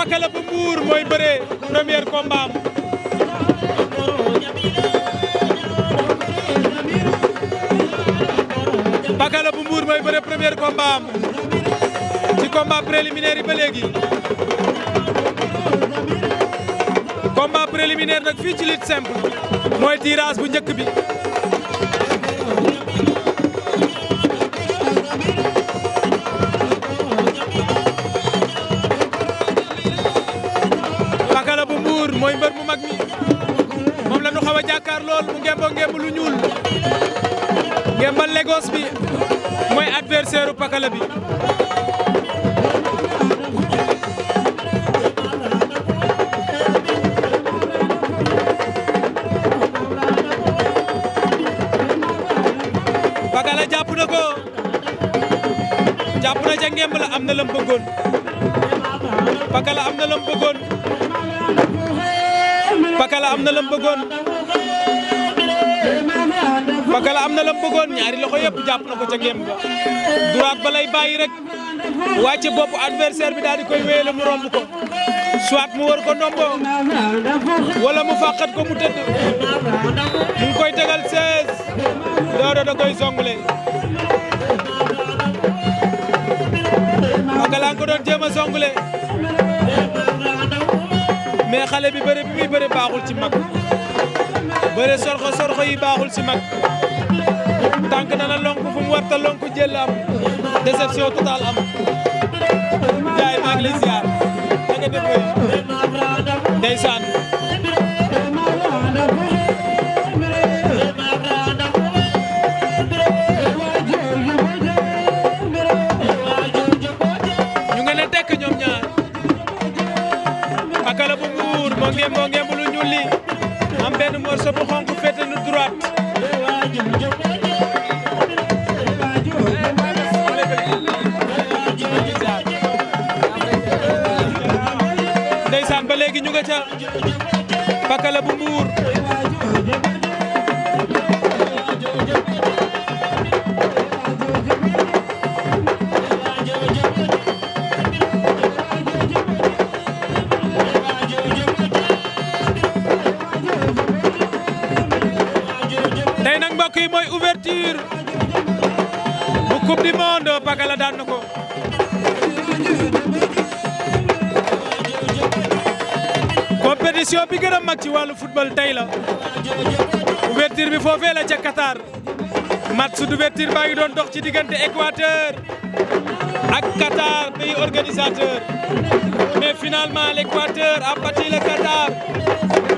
Pakala bu Mbour mooy bëree premier combat ci combat préliminaire yi ba léegi nag fii ci lutte simple mooy tirage bu njëkk bi mooy mbër mu mag mi moom la ñu xaw a jàkkaar lool mu ngemboo ngemb lu ñuul ngembal Lagos bi mooy adversaire u Pakala bi Pakala jàpp na ko jàpp na la am na lam bëggoon Pakala am na lam Pakala am na lam bëggoon am na lam bëggoon ñaari loxo yëpp jàpp na ko ca géem ba droite ba lay bàyyi rek wàcce bopp bi daal di koy wéyale mu romb ko soit mu wër ko ndombo wala mu fàqat ko mu tëdd mu koy tegal 16 Dodo da koy songule Pakala nga doon jéem a songule mais xale bi bëre bi muy bëre baaxul ci mag bëre sorxo sorxo yi baaxul ci mag tànk na na lonk fu mu warta lonk jël am déception totale am jaay maa ngi lay ziar da nga def ndeysaan moo ngeem moo ngeem lu ñuul li am benn morceau bu xonk féete nu droite ndeysaan ba léegi ñu nga ca Pakala bu Mbuur mooy ouverture bu coupe du monde Pakala daan na ko compétition bi gën a mag ci wàllu football tey la ouverture bi foofee la ca Qatar match d'ouverture baa ngi doon dox ci diggante Équateur ak Qatar pays organisateur mais finalement l'Équateur a battu Qatar